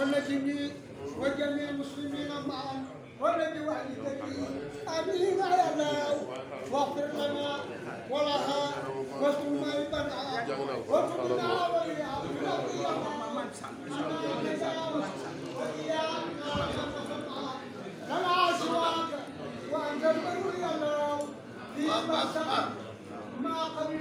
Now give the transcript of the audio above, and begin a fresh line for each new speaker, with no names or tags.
والنجمي وجميع المسلمين معا والنبي وحدك امين على الله واغفر لنا ولها واسلم ايضا وكلنا وليها لنا سواك وانت البر يا الله فيما سبق ما قبل